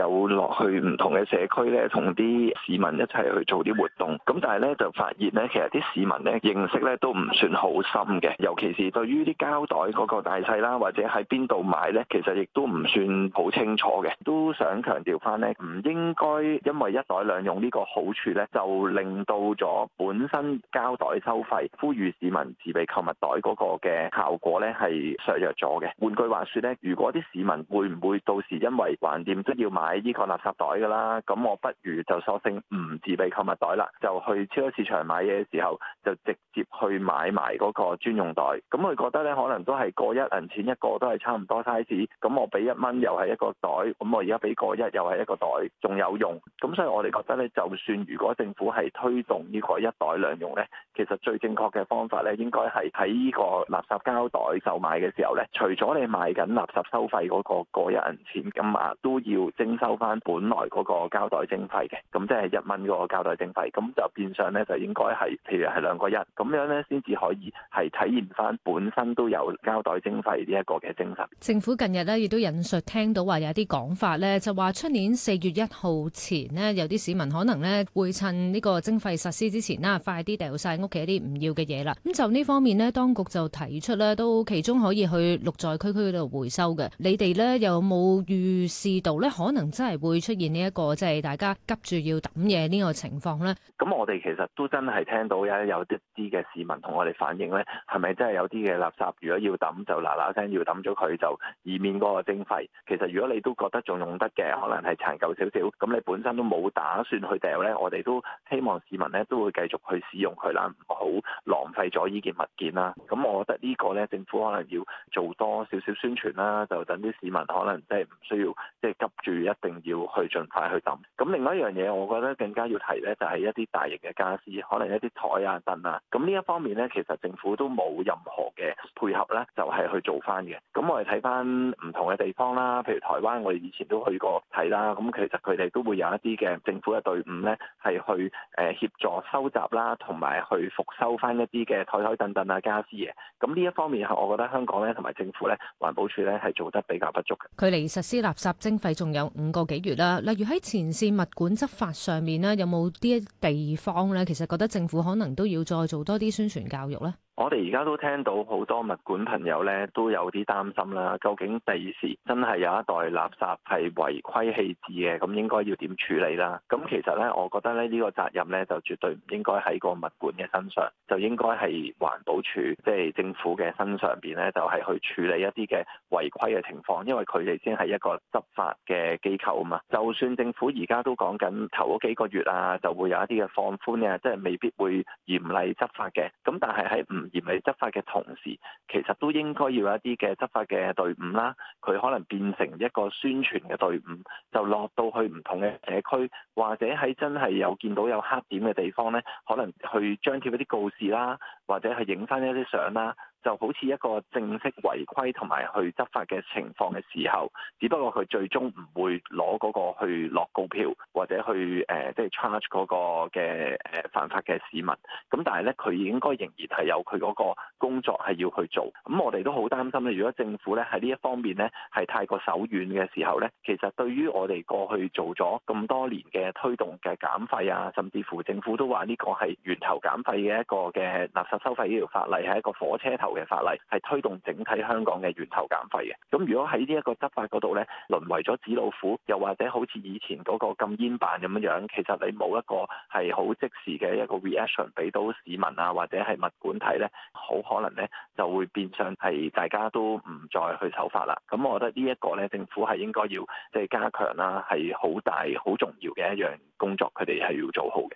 有落去唔同嘅社區咧，同啲市民一齊去做啲活動，咁但係咧，就發現咧，其實啲市民咧認識咧都唔算好深嘅，尤其是對於啲膠袋嗰個大細啦，或者喺邊度買咧，其實亦都唔算好清楚嘅。都想強調翻咧，唔應該因為一袋兩用呢個好處咧，就令到咗本身膠袋收費呼籲市民自備購物袋嗰個嘅效果咧係削弱咗嘅。換句話說咧，如果啲市民會唔會到時因為橫掂都要買。喺呢個垃圾袋㗎啦，咁我不如就索性唔自備購物袋啦，就去超級市場買嘢嘅時候就直接去買埋嗰個專用袋。咁佢覺得呢，可能都係個一銀錢一個都係差唔多 size。咁我俾一蚊又係一個袋，咁我而家俾個一又係一個袋，仲有用。咁所以我哋覺得呢，就算如果政府係推動呢個一袋兩用呢，其實最正確嘅方法呢，應該係喺呢個垃圾膠袋售賣嘅時候呢，除咗你賣緊垃圾收費嗰個個一銀錢咁呀，都要徵。收翻本來嗰個膠袋徵費嘅，咁即係一蚊嗰個膠袋徵費，咁就變相咧就應該係，譬如係兩個一，咁樣咧先至可以係體現翻本身都有膠袋徵費呢一個嘅精神。政府近日咧亦都引述聽到話有啲講法咧，就話出年四月一號前咧，有啲市民可能咧會趁呢個徵費實施之前啦，快啲掉曬屋企一啲唔要嘅嘢啦。咁就呢方面咧，當局就提出咧，都其中可以去綠在區區嗰度回收嘅。你哋咧有冇預視到咧，可能，真係會出現呢一個即係大家急住要抌嘢呢個情況咧。咁我哋其實都真係聽到有有啲啲嘅市民同我哋反映咧，係咪真係有啲嘅垃圾如果要抌就嗱嗱聲要抌咗佢，就以免嗰個徵費。其實如果你都覺得仲用得嘅，可能係殘舊少少，咁你本身都冇打算去掉咧，我哋都希望市民咧都會繼續去使用佢啦，唔好浪費咗呢件物件啦。咁我覺得呢個咧，政府可能要做多少少宣傳啦，就等啲市民可能即係唔需要即係急住一。一定要去盡快去抌。咁另外一樣嘢，我覺得更加要提咧，就係一啲大型嘅傢私，可能一啲台啊、凳啊。咁呢一方面咧，其實政府都冇任何嘅配合咧，就係去做翻嘅。咁我哋睇翻唔同嘅地方啦，譬如台灣，我哋以前都去過睇啦。咁其實佢哋都會有一啲嘅政府嘅隊伍咧，係去誒協助收集啦，同埋去復收翻一啲嘅台台凳凳啊傢私嘅。咁呢一方面係，我覺得香港咧同埋政府咧，環保署咧係做得比較不足嘅。距離實施垃圾徵費仲有五個幾月啦，例如喺前線物管執法上面呢，有冇啲地方咧？其實覺得政府可能都要再做多啲宣傳教育呢。我哋而家都聽到好多物管朋友咧都有啲擔心啦。究竟第時真係有一袋垃圾係違規棄置嘅，咁應該要點處理啦？咁其實咧，我覺得咧呢個責任咧就絕對唔應該喺個物管嘅身上，就應該係環保署，即係政府嘅身上邊咧，就係去處理一啲嘅違規嘅情況，因為佢哋先係一個執法嘅機構啊嘛。就算政府而家都講緊頭嗰幾個月啊，就會有一啲嘅放寬啊，即係未必會嚴厲執法嘅。咁但係喺唔而嚴厲執法嘅同時，其實都應該要有一啲嘅執法嘅隊伍啦。佢可能變成一個宣傳嘅隊伍，就落到去唔同嘅社區，或者喺真係有見到有黑點嘅地方咧，可能去張貼一啲告示啦，或者去影翻一啲相啦。就好似一個正式違規同埋去執法嘅情況嘅時候，只不過佢最終唔會攞嗰個去落告票或者去誒即係 charge 嗰個嘅誒犯法嘅市民。咁但係咧，佢應該仍然係有佢嗰個工作係要去做。咁、嗯、我哋都好擔心咧，如果政府咧喺呢一方面咧係太過手軟嘅時候咧，其實對於我哋過去做咗咁多年嘅推動嘅減費啊，甚至乎政府都話呢個係源頭減費嘅一個嘅垃圾收費呢條法例係一個火車頭。嘅法例係推動整體香港嘅源頭減廢嘅，咁如果喺呢一個執法嗰度咧，淪為咗紙老虎，又或者好似以前嗰個禁煙辦咁樣樣，其實你冇一個係好即時嘅一個 reaction 俾到市民啊，或者係物管睇咧，好可能咧就會變相係大家都唔再去守法啦。咁我覺得呢一個咧，政府係應該要即係加強啦，係好大好重要嘅一樣工作，佢哋係要做好嘅。